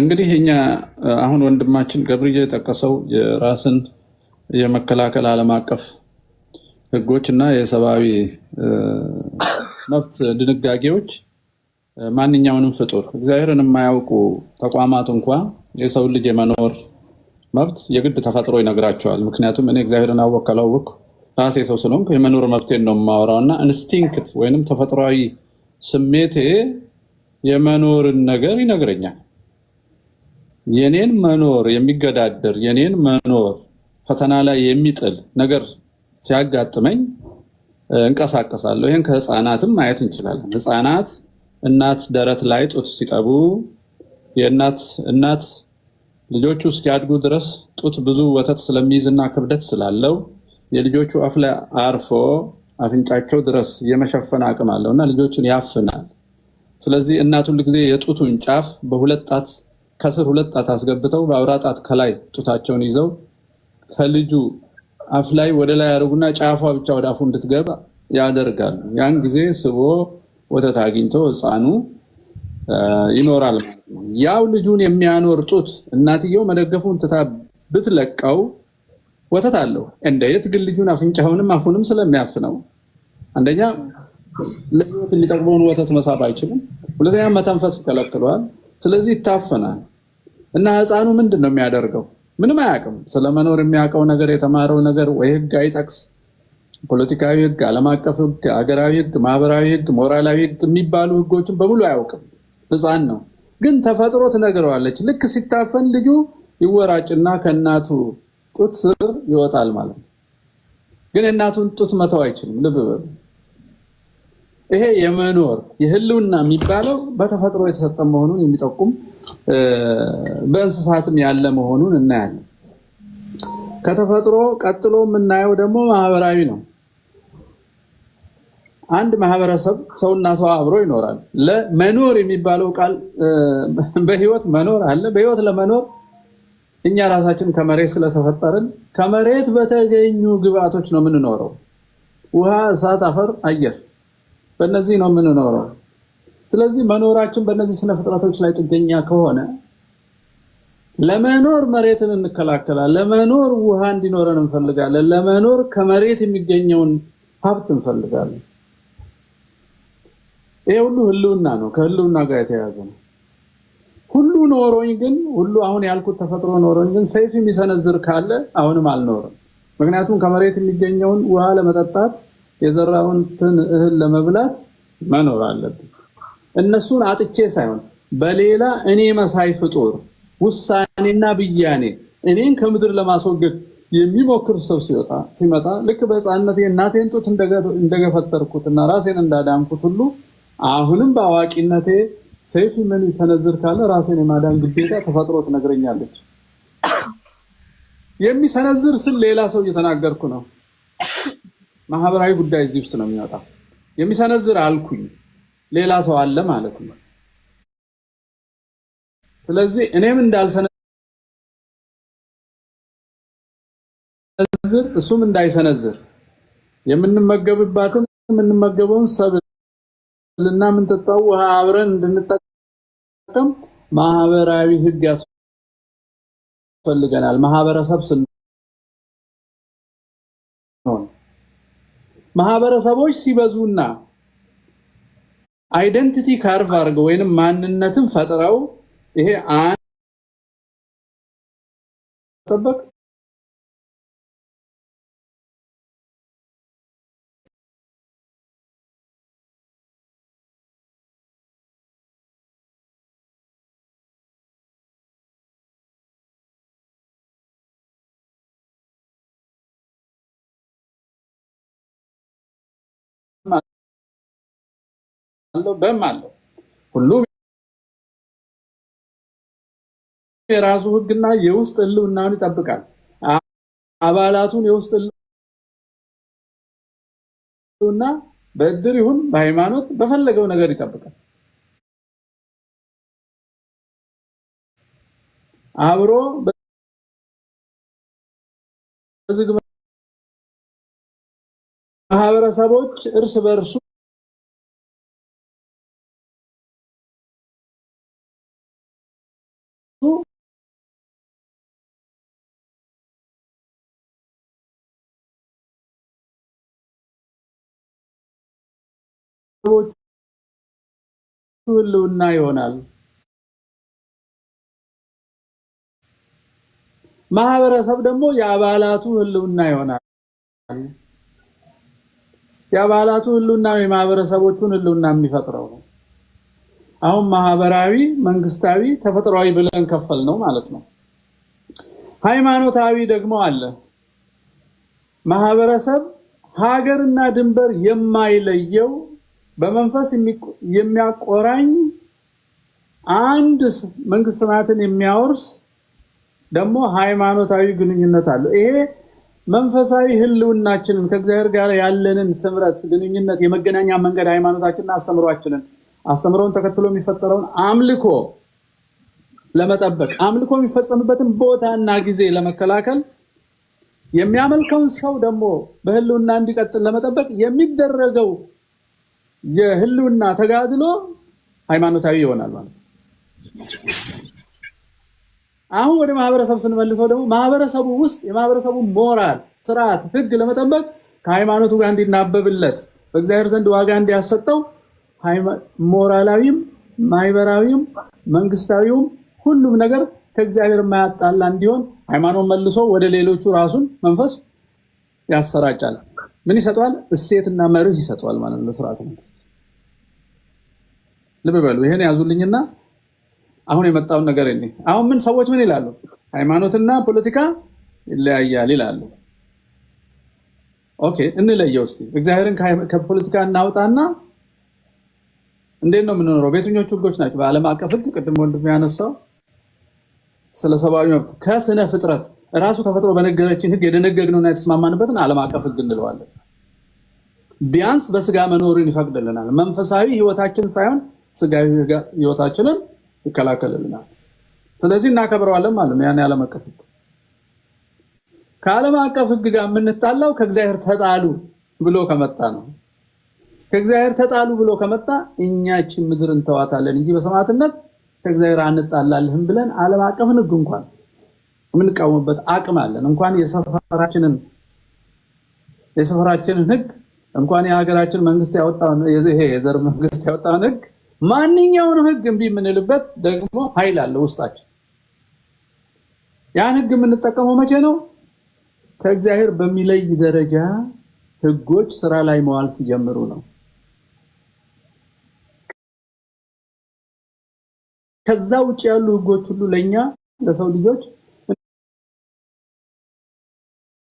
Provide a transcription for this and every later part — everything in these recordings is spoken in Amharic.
እንግዲህ እኛ አሁን ወንድማችን ገብርዬ የጠቀሰው የራስን የመከላከል ዓለም አቀፍ ህጎች እና የሰብአዊ መብት ድንጋጌዎች ማንኛውንም ፍጡር እግዚአብሔርን የማያውቁ ተቋማት እንኳ የሰው ልጅ የመኖር መብት የግድ ተፈጥሮ ይነግራቸዋል። ምክንያቱም እኔ እግዚአብሔርን አወቅ ካላወቅ ራሴ ሰው ስለሆንኩ የመኖር መብቴን ነው የማወራው እና ኢንስቲንክት ወይንም ተፈጥሯዊ ስሜቴ የመኖርን ነገር ይነግረኛል። የኔን መኖር የሚገዳደር የኔን መኖር ፈተና ላይ የሚጥል ነገር ሲያጋጥመኝ እንቀሳቀሳለሁ። ይህን ከህፃናትም ማየት እንችላለን። ህፃናት እናት ደረት ላይ ጡት ሲጠቡ የእናት እናት ልጆቹ እስኪያድጉ ድረስ ጡት ብዙ ወተት ስለሚይዝና ክብደት ስላለው የልጆቹ አፍ ላይ አርፎ አፍንጫቸው ድረስ የመሸፈን አቅም አለው እና ልጆችን ያፍናል። ስለዚህ እናት ሁል ጊዜ የጡቱን ጫፍ በሁለት ጣት ከስር ሁለት ጣት አስገብተው በአብራ ጣት ከላይ ጡታቸውን ይዘው ከልጁ አፍ ላይ ወደ ላይ ያደርጉና ጫፏ ብቻ ወደ አፉ እንድትገባ ያደርጋሉ። ያን ጊዜ ስቦ ወተት አግኝቶ ህፃኑ ይኖራል። ያው ልጁን የሚያኖር ጡት እናትየው መደገፉን ትታ ብትለቀው ወተት አለው። እንደየት ግን ልጁን አፍንጫውንም አፉንም ስለሚያፍ ነው። አንደኛ ለህይወት የሚጠቅመውን ወተት መሳብ አይችልም። ሁለተኛ መተንፈስ ይከለክለዋል። ስለዚህ ይታፈናል እና ህፃኑ ምንድን ነው የሚያደርገው? ምንም አያውቅም። ስለመኖር የሚያውቀው ነገር የተማረው ነገር ወይ ህግ አይጠቅስ ፖለቲካዊ ህግ፣ ዓለም አቀፍ ህግ፣ ሀገራዊ ህግ፣ ማህበራዊ ህግ፣ ሞራላዊ ህግ የሚባሉ ህጎችን በሙሉ አያውቅም። ህፃን ነው ግን ተፈጥሮ ትነግረዋለች። ልክ ሲታፈን ልጁ ይወራጭና ከእናቱ ጡት ስር ይወጣል ማለት ነው። ግን የእናቱን ጡት መተው አይችልም። ልብ በሉ። ይሄ የመኖር የህልውና የሚባለው በተፈጥሮ የተሰጠ መሆኑን የሚጠቁም በእንስሳትም ያለ መሆኑን እናያለን። ከተፈጥሮ ቀጥሎ የምናየው ደግሞ ማህበራዊ ነው። አንድ ማህበረሰብ ሰውና ሰው አብሮ ይኖራል። ለመኖር የሚባለው ቃል በህይወት መኖር አለ። በህይወት ለመኖር እኛ ራሳችን ከመሬት ስለተፈጠርን ከመሬት በተገኙ ግብአቶች ነው የምንኖረው። ውሃ፣ እሳት፣ አፈር፣ አየር በእነዚህ ነው የምንኖረው። ስለዚህ መኖራችን በእነዚህ ስነ ፍጥረቶች ላይ ጥገኛ ከሆነ ለመኖር መሬትን እንከላከላለን። ለመኖር ውሃ እንዲኖረን እንፈልጋለን። ለመኖር ከመሬት የሚገኘውን ሀብት እንፈልጋለን። ይሄ ሁሉ ህልውና ነው፣ ከህልውና ጋር የተያያዘ ነው። ሁሉ ኖሮኝ ግን ሁሉ አሁን ያልኩት ተፈጥሮ ኖሮኝ ግን ሰይፍ የሚሰነዝር ካለ አሁንም አልኖርም። ምክንያቱም ከመሬት የሚገኘውን ውሃ ለመጠጣት የዘራውንትን እህል ለመብላት መኖር አለብን። እነሱን አጥቼ ሳይሆን በሌላ እኔ መሳይ ፍጡር ውሳኔና ብያኔ እኔን ከምድር ለማስወገድ የሚሞክር ሰው ሲወጣ ሲመጣ ልክ በሕፃንነቴ እናቴን ጡት እና ራሴን እንዳዳንኩት ሁሉ አሁንም በአዋቂነቴ ሰይፍ ምን ሰነዝር ካለ ራሴን የማዳን ግዴታ ተፈጥሮ ትነግረኛለች። የሚሰነዝር ስል ሌላ ሰው እየተናገርኩ ነው። ማህበራዊ ጉዳይ እዚህ ውስጥ ነው የሚወጣው። የሚሰነዝር አልኩኝ ሌላ ሰው አለ ማለት ነው። ስለዚህ እኔም እንዳልሰነዝር እሱም እንዳይሰነዝር የምንመገብባትን የምንመገበውን ሰብልና የምንጠጣው ውሃ አብረን እንድንጠቀም ማህበራዊ ህግ ያስፈልገናል። ማህበረሰብ ስንሆን ማህበረሰቦች ሲበዙና አይደንቲቲ ካርቭ አድርገው ወይንም ማንነትን ፈጥረው ይሄ አንድ አለው ደም አለው። ሁሉም የራሱ ህግና የውስጥ ህልውናውን ይጠብቃል። አባላቱን የውስጥ ህልውና በእድር ይሁን በሃይማኖት በፈለገው ነገር ይጠብቃል። አብሮ ማህበረሰቦች እርስ በእርሱ ሰዎች ህልውና ይሆናል። ማህበረሰብ ደግሞ የአባላቱ ህልውና ይሆናል። የአባላቱ ህልውና ነው የማህበረሰቦቹን ህልውና የሚፈጥረው አሁን ማህበራዊ፣ መንግስታዊ፣ ተፈጥሯዊ ብለን ከፈል ነው ማለት ነው። ሃይማኖታዊ ደግሞ አለ። ማህበረሰብ ሀገርና ድንበር የማይለየው በመንፈስ የሚያቆራኝ አንድ መንግስተ ሰማያትን የሚያወርስ ደግሞ ሃይማኖታዊ ግንኙነት አለው። ይሄ መንፈሳዊ ህልውናችንን ከእግዚአብሔር ጋር ያለንን ስምረት፣ ግንኙነት፣ የመገናኛ መንገድ ሃይማኖታችንን፣ አስተምሯችንን አስተምሮውን ተከትሎ የሚፈጠረውን አምልኮ ለመጠበቅ አምልኮ የሚፈጸምበትን ቦታና ጊዜ ለመከላከል የሚያመልከውን ሰው ደግሞ በህልውና እንዲቀጥል ለመጠበቅ የሚደረገው የህልውና ተጋድሎ ሃይማኖታዊ ይሆናል ማለት ነው። አሁን ወደ ማህበረሰብ ስንመልሰው ደግሞ ማህበረሰቡ ውስጥ የማህበረሰቡን ሞራል፣ ስርዓት፣ ህግ ለመጠበቅ ከሃይማኖቱ ጋር እንዲናበብለት በእግዚአብሔር ዘንድ ዋጋ እንዲያሰጠው ሞራላዊም፣ ማህበራዊም፣ መንግስታዊውም ሁሉም ነገር ከእግዚአብሔር የማያጣላ እንዲሆን ሃይማኖት መልሶ ወደ ሌሎቹ ራሱን መንፈስ ያሰራጫል። ምን ይሰጠዋል? እሴትና መርህ ይሰጠዋል ማለት ነው ስርዓት ነው። ልብ በሉ። ይሄን ያዙልኝና አሁን የመጣውን ነገር እኔ አሁን ምን ሰዎች ምን ይላሉ? ሃይማኖትና ፖለቲካ ይለያያል ይላሉ። ኦኬ እንለየው እስኪ። እግዚአብሔርን ከፖለቲካ እናውጣና እንዴት ነው የምንኖረው? በየትኞቹ ህጎች ናቸው? በአለም አቀፍ ህግ፣ ቅድም ወንድ ያነሳው ስለ ሰብአዊ መብት ከስነ ፍጥረት እራሱ ተፈጥሮ በነገረችን ህግ የደነገግነውና የተስማማንበትን አለም አቀፍ ህግ እንለዋለን። ቢያንስ በስጋ መኖሩን ይፈቅድልናል። መንፈሳዊ ህይወታችን ሳይሆን ስጋዊ ህይወታችንን ይከላከልልናል። ስለዚህ እናከብረዋለን ማለት ነው። ያን የዓለም አቀፍ ህግ ከዓለም አቀፍ ህግ ጋር የምንጣላው ከእግዚአብሔር ተጣሉ ብሎ ከመጣ ነው። ከእግዚአብሔር ተጣሉ ብሎ ከመጣ እኛችን ምድር እንተዋታለን እንጂ በሰማዕትነት ከእግዚአብሔር አንጣላልህም ብለን ዓለም አቀፍን ህግ እንኳን የምንቃወምበት አቅም አለን። እንኳን የሰፈራችንን የሰፈራችንን ህግ እንኳን የሀገራችን መንግስት ያወጣውን ይሄ የዘር መንግስት ያወጣውን ህግ ማንኛውንም ህግ እምቢ የምንልበት ደግሞ ኃይል አለ ውስጣችን። ያን ህግ የምንጠቀመው መቼ ነው? ከእግዚአብሔር በሚለይ ደረጃ ህጎች ስራ ላይ መዋል ሲጀምሩ ነው። ከዛ ውጭ ያሉ ህጎች ሁሉ ለኛ ለሰው ልጆች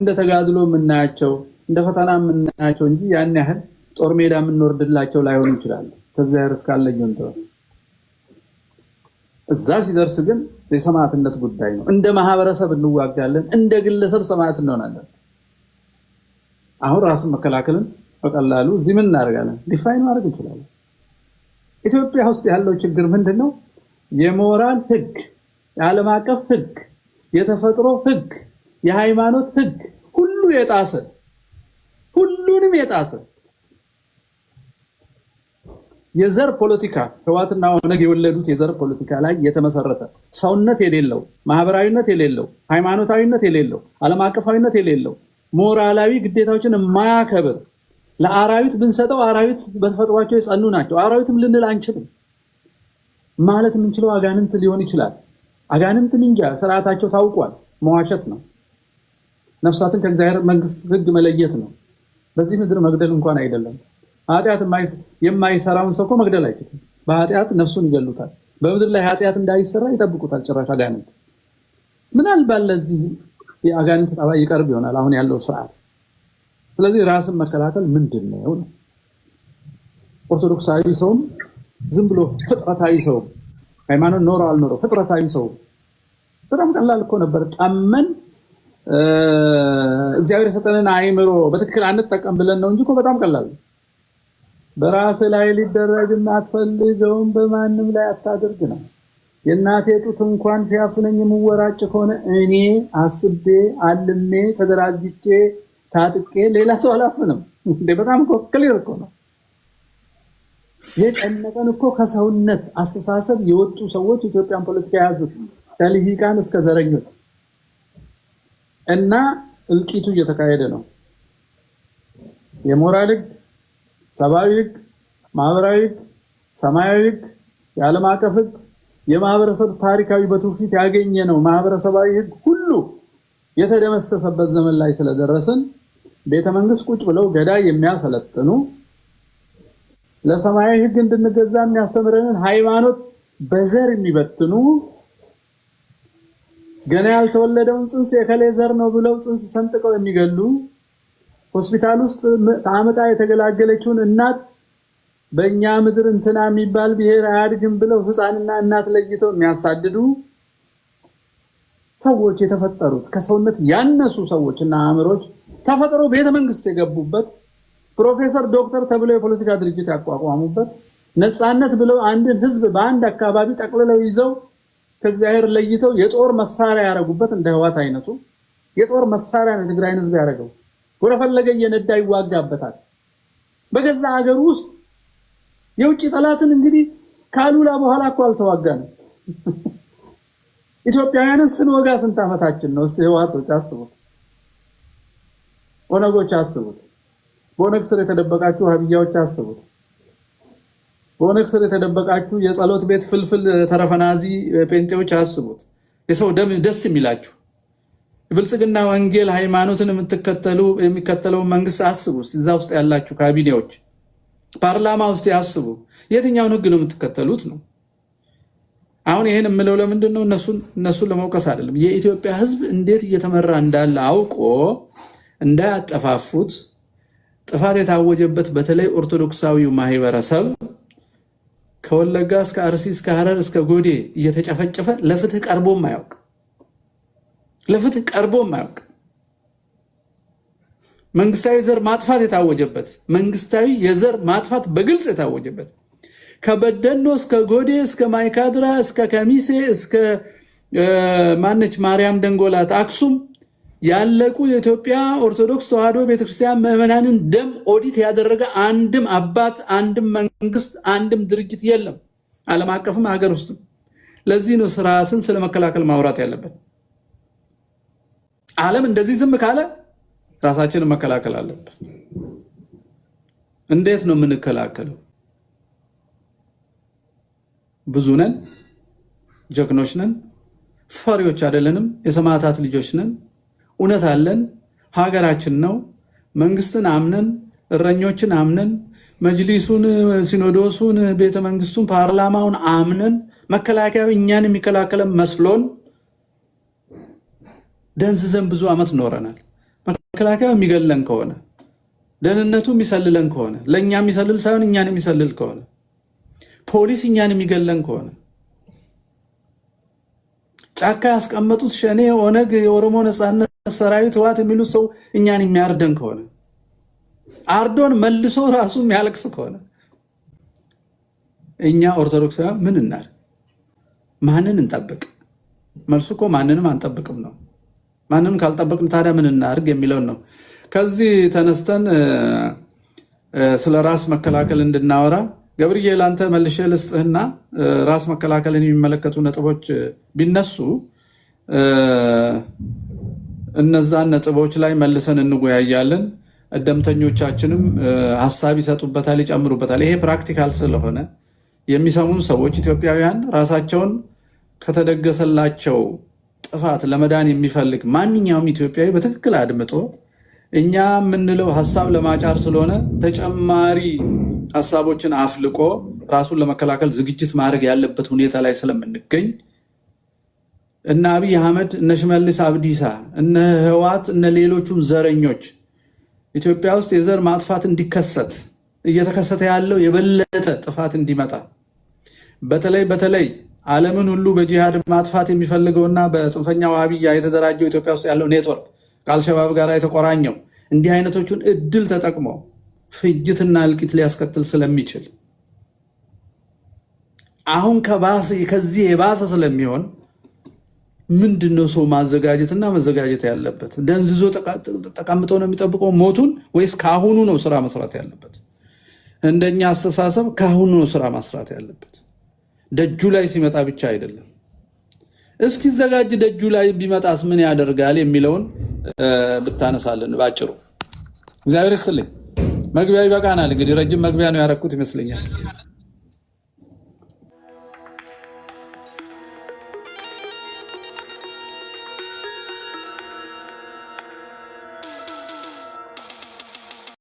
እንደ ተጋድሎ የምናያቸው እንደ ፈተና የምናያቸው እንጂ ያን ያህል ጦር ሜዳ የምንወርድላቸው ላይሆኑ ይችላሉ። ከእግዚአብሔር እስካለኝ እንትን እዛ ሲደርስ ግን የሰማዕትነት ጉዳይ ነው። እንደ ማህበረሰብ እንዋጋለን፣ እንደ ግለሰብ ሰማዕት እንሆናለን። አሁን ራስን መከላከልን በቀላሉ እዚህ ምን እናደርጋለን? ዲፋይን ማድረግ እንችላለን። ኢትዮጵያ ውስጥ ያለው ችግር ምንድን ነው? የሞራል ህግ፣ የዓለም አቀፍ ህግ፣ የተፈጥሮ ህግ፣ የሃይማኖት ህግ ሁሉ የጣሰ ሁሉንም የጣሰ የዘር ፖለቲካ ህዋትና ኦነግ የወለዱት የዘር ፖለቲካ ላይ የተመሰረተ ሰውነት የሌለው ማህበራዊነት የሌለው ሃይማኖታዊነት የሌለው ዓለም አቀፋዊነት የሌለው ሞራላዊ ግዴታዎችን የማያከብር ለአራዊት ብንሰጠው አራዊት በተፈጥሯቸው የጸኑ ናቸው። አራዊትም ልንል አንችልም። ማለት የምንችለው አጋንንት ሊሆን ይችላል። አጋንንት ምንጃ ስርዓታቸው ታውቋል። መዋሸት ነው። ነፍሳትን ከእግዚአብሔር መንግስት ህግ መለየት ነው። በዚህ ምድር መግደል እንኳን አይደለም። ኃጢአት የማይሰራውን ሰው እኮ መግደል አይችልም። በኃጢአት ነፍሱን ይገሉታል። በምድር ላይ ኃጢአት እንዳይሰራ ይጠብቁታል። ጭራሽ አጋንንት ምናልባት ለዚህ የአጋንንት ጠባ ይቀርብ ይሆናል አሁን ያለው ስርዓት። ስለዚህ ራስን መከላከል ምንድን ነው? ኦርቶዶክሳዊ ሰውም ዝም ብሎ ፍጥረታዊ ሰው ሃይማኖት ኖረ አልኖረ ፍጥረታዊ ሰው በጣም ቀላል እኮ ነበር። ጠመን እግዚአብሔር የሰጠንን አይምሮ በትክክል አንጠቀም ብለን ነው እንጂ በጣም ቀላል በራስ ላይ ሊደረግ አትፈልገውም፣ በማንም ላይ አታድርግ ነው። የእናቴ ጡት እንኳን ሲያፍነኝ የምወራጭ ከሆነ እኔ አስቤ አልሜ ተደራጅቼ ታጥቄ ሌላ ሰው አላፍንም። እንደ በጣም እኮ ክሊር እኮ ነው። የጨነቀን እኮ ከሰውነት አስተሳሰብ የወጡ ሰዎች ኢትዮጵያን ፖለቲካ የያዙት ከልሂቃን እስከ ዘረኞች እና እልቂቱ እየተካሄደ ነው። የሞራል ህግ ሰብአዊ ህግ፣ ማህበራዊ ህግ፣ ሰማያዊ ህግ፣ የዓለም አቀፍ ህግ፣ የማህበረሰብ ታሪካዊ በትውፊት ያገኘ ነው ማህበረሰባዊ ህግ ሁሉ የተደመሰሰበት ዘመን ላይ ስለደረስን ቤተ መንግስት ቁጭ ብለው ገዳይ የሚያሰለጥኑ ለሰማያዊ ህግ እንድንገዛ የሚያስተምረንን ሃይማኖት በዘር የሚበትኑ ገና ያልተወለደውን ጽንስ የከሌ ዘር ነው ብለው ጽንስ ሰንጥቀው የሚገሉ ሆስፒታል ውስጥ ታመጣ የተገላገለችውን እናት በእኛ ምድር እንትና የሚባል ብሔር አያድግም ብለው ህፃንና እናት ለይተው የሚያሳድዱ ሰዎች የተፈጠሩት ከሰውነት ያነሱ ሰዎች እና አእምሮች ተፈጥሮ ቤተ መንግስት የገቡበት ፕሮፌሰር ዶክተር ተብለው የፖለቲካ ድርጅት ያቋቋሙበት ነፃነት ብለው አንድን ህዝብ በአንድ አካባቢ ጠቅልለው ይዘው ከእግዚአብሔር ለይተው የጦር መሳሪያ ያደረጉበት እንደ ህዋት አይነቱ የጦር መሳሪያ ነው የትግራይን ህዝብ ያደረገው። ወረፈለገ እየነዳ ይዋጋበታል። በገዛ ሀገር ውስጥ የውጭ ጠላትን እንግዲህ ካሉላ በኋላ እኮ አልተዋጋንም። ኢትዮጵያውያንን ስንወጋ ስንት ዓመታችን ነው? እስቲ ህዋቶች አስቡት፣ ኦነጎች አስቡት፣ በኦነግ ስር የተደበቃችሁ ሀብያዎች አስቡት፣ በኦነግ ስር የተደበቃችሁ የጸሎት ቤት ፍልፍል ተረፈናዚ ጴንጤዎች አስቡት። የሰው ደም ደስ የሚላችሁ የብልጽግና ወንጌል ሃይማኖትን የምትከተሉ የሚከተለውን መንግስት አስቡ። እዛ ውስጥ ያላችሁ ካቢኔዎች፣ ፓርላማ ውስጥ ያስቡ። የትኛውን ህግ ነው የምትከተሉት ነው። አሁን ይህን የምለው ለምንድን ነው? እነሱን ለመውቀስ አይደለም። የኢትዮጵያ ህዝብ እንዴት እየተመራ እንዳለ አውቆ እንዳያጠፋፉት ጥፋት የታወጀበት በተለይ ኦርቶዶክሳዊው ማህበረሰብ ከወለጋ እስከ አርሲ እስከ ሀረር እስከ ጎዴ እየተጨፈጨፈ ለፍትህ ቀርቦም አያውቅ ለፍትህ ቀርቦም አያውቅ። መንግስታዊ ዘር ማጥፋት የታወጀበት መንግስታዊ የዘር ማጥፋት በግልጽ የታወጀበት ከበደኖ እስከ ጎዴ እስከ ማይካድራ እስከ ከሚሴ እስከ ማነች ማርያም ደንጎላት አክሱም ያለቁ የኢትዮጵያ ኦርቶዶክስ ተዋህዶ ቤተክርስቲያን ምዕመናንን ደም ኦዲት ያደረገ አንድም አባት አንድም መንግስት አንድም ድርጅት የለም፣ ዓለም አቀፍም ሀገር ውስጥም። ለዚህ ነው ስራስን ስለመከላከል ማውራት ያለበት። ዓለም እንደዚህ ዝም ካለ ራሳችን መከላከል አለብን። እንዴት ነው የምንከላከለው? ብዙ ነን፣ ጀግኖች ነን፣ ፈሪዎች አይደለንም። የሰማዕታት ልጆች ነን፣ እውነት አለን። ሀገራችን ነው። መንግስትን አምነን እረኞችን አምነን መጅሊሱን፣ ሲኖዶሱን፣ ቤተ መንግስቱን፣ ፓርላማውን አምነን መከላከያ እኛን የሚከላከለን መስሎን ደንዝዘን ብዙ ዓመት ኖረናል። መከላከያ የሚገለን ከሆነ ደህንነቱ የሚሰልለን ከሆነ ለእኛ የሚሰልል ሳይሆን እኛን የሚሰልል ከሆነ ፖሊስ እኛን የሚገለን ከሆነ ጫካ ያስቀመጡት ሸኔ፣ ኦነግ፣ የኦሮሞ ነፃነት ሰራዊት፣ ህወሓት የሚሉት ሰው እኛን የሚያርደን ከሆነ አርዶን መልሶ ራሱ የሚያለቅስ ከሆነ እኛ ኦርቶዶክሳውያን ምን እናድርግ? ማንን እንጠብቅ? መልሱ እኮ ማንንም አንጠብቅም ነው። ማንም ካልጠበቅን ታዲያ ምን እናድርግ የሚለውን ነው። ከዚህ ተነስተን ስለ ራስ መከላከል እንድናወራ ገብርዬ ለአንተ መልሼ ልስጥህና ራስ መከላከልን የሚመለከቱ ነጥቦች ቢነሱ እነዛን ነጥቦች ላይ መልሰን እንወያያለን። እደምተኞቻችንም ሀሳብ ይሰጡበታል፣ ይጨምሩበታል። ይሄ ፕራክቲካል ስለሆነ የሚሰሙን ሰዎች ኢትዮጵያውያን ራሳቸውን ከተደገሰላቸው ጥፋት ለመዳን የሚፈልግ ማንኛውም ኢትዮጵያዊ በትክክል አድምጦ እኛ የምንለው ሀሳብ ለማጫር ስለሆነ ተጨማሪ ሀሳቦችን አፍልቆ ራሱን ለመከላከል ዝግጅት ማድረግ ያለበት ሁኔታ ላይ ስለምንገኝ እነ አብይ አህመድ እነ ሽመልስ አብዲሳ እነ ህዋት እነ ሌሎቹም ዘረኞች ኢትዮጵያ ውስጥ የዘር ማጥፋት እንዲከሰት እየተከሰተ ያለው የበለጠ ጥፋት እንዲመጣ በተለይ በተለይ ዓለምን ሁሉ በጂሃድ ማጥፋት የሚፈልገውና በጽንፈኛ ዋሃቢያ የተደራጀው ኢትዮጵያ ውስጥ ያለው ኔትወርክ ከአልሸባብ ጋር የተቆራኘው እንዲህ አይነቶቹን እድል ተጠቅሞ ፍጅትና እልቂት ሊያስከትል ስለሚችል አሁን ከዚህ የባሰ ስለሚሆን ምንድን ነው ሰው ማዘጋጀትና መዘጋጀት ያለበት? ደንዝዞ ተቀምጦ ነው የሚጠብቀው ሞቱን? ወይስ ከአሁኑ ነው ስራ መስራት ያለበት? እንደኛ አስተሳሰብ ከአሁኑ ነው ስራ መስራት ያለበት። ደጁ ላይ ሲመጣ ብቻ አይደለም እስኪዘጋጅ ደጁ ላይ ቢመጣስ ምን ያደርጋል የሚለውን ብታነሳለን ባጭሩ። እግዚአብሔር ይስጥልኝ። መግቢያ ይበቃናል። እንግዲህ ረጅም መግቢያ ነው ያረኩት ይመስለኛል።